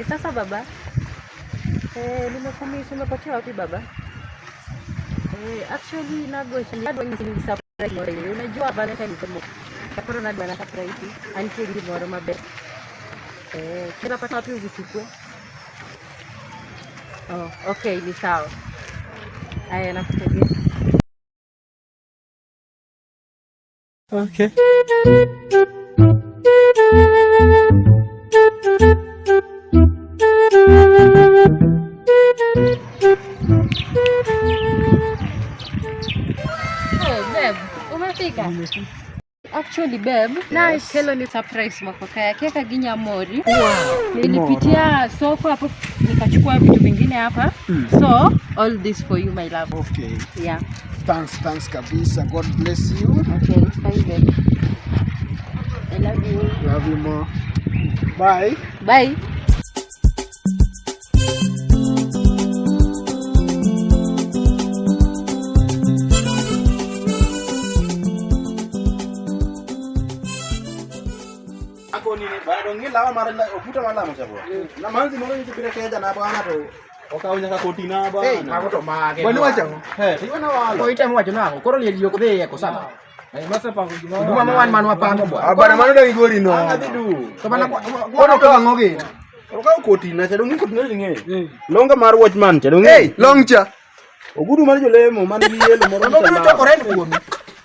Eh, sasa baba eh, limekomisi umepotea wapi baba? Eh, actually nago surprise unajua Valentine kama na surprise anti moro mabe eh, kila pata wapi uzichukue? Oh, okay ni sawa. Aya, nakutegea. Okay. Actually, babe, nice. Hello ni surprise mwafaka ya keka kaginya mori. Wow. Nilipitia soko hapo nikachukua vitu vingine hapa. Mm. So, all this for you my love. Okay. Yeah. Thanks, thanks kabisa. God bless you. Okay, bye babe. I love you. Love you more. Bye. Bye. baralongila mara okuta malamo chakwa na manzi moro nje birekeja na bwana to okaunyaka koti na bwana magoto mage bwana wacho he tiwana wala koita mwacho nako koro lieli yokdhe yako sana Duma mo wan manwa pango bo. Abana mano da igori no. Adidu. To bana ko ko ngo ge. Ko koti na chado ngi koti na ngi. Longa mar watchman chado ngi. Long cha. Ogudu mar jolemo man yelo moro. Ogudu to koren kuomi.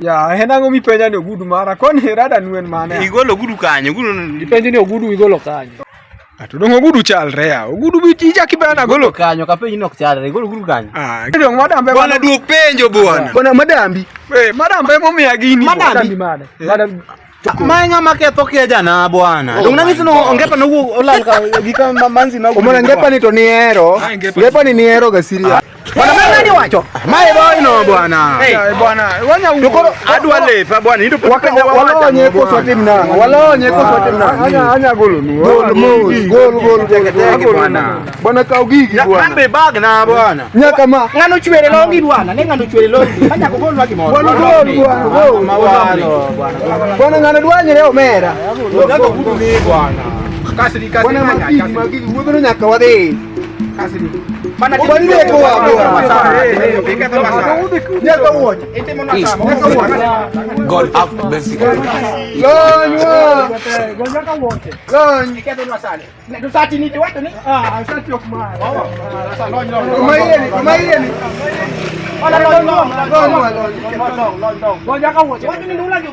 ya hena ngomi mipenja ni ogudu mara koni rada nuen mane igolo ogudu kanyo ogudu mipenja ni ogudu igolo kanyo ato ah, dong ogudu chalre ya ogudu bi tija kibana golo kanyo kapenji ni okchalre igolo gudu kanyo ah dong madambe bwana duok penjo bwana ah, bwana madambi eh madambe momiya gini madambi mane madambi mae ng'ama ketho kijana bwana oh, dong nang'isi no ongepa nowuok olal ka gi ka manzi nawuok omono ngepani to nihero ah, ngepani niheroga siria Bwana mama nani wacho? Mai boy no bwana. Eh bwana, wanya uko adwa lepa bwana. Ndio wakenda wa wacha. Wala sote mnanga. Wala nyeko sote mnanga. Anya anya golo nu. Golo mu. Golo golo teketeke bwana. Bwana kaugigi bwana. Kambe bag na bwana. Nyaka ma. Ngano chwere longi bwana. Ne ngano chwere longi. Anya kogolwa kimoja. Bwana golo bwana. Bwana ngano dwanye leo mera. Ngako kudu ni bwana. Kasiri kasiri. Bwana magigi magigi. Wewe ndo nyaka wadhi. kasini. Maana ubadili yako hapo sana. Ingetoka sana. Ndio uone. Eti mbona sana? Ndio uone. God have mercy. Lonyo. Gonja kama wote. Lonyo. Ingetoka sana. Na tusati niti watu ni? Ah, asante kwa mara. Sasa lonyo. Kama ile ni, kama ile ni. Ona lonyo. Lonyo. Lonyo. Gonja kama wote. Watu ni ndio unajua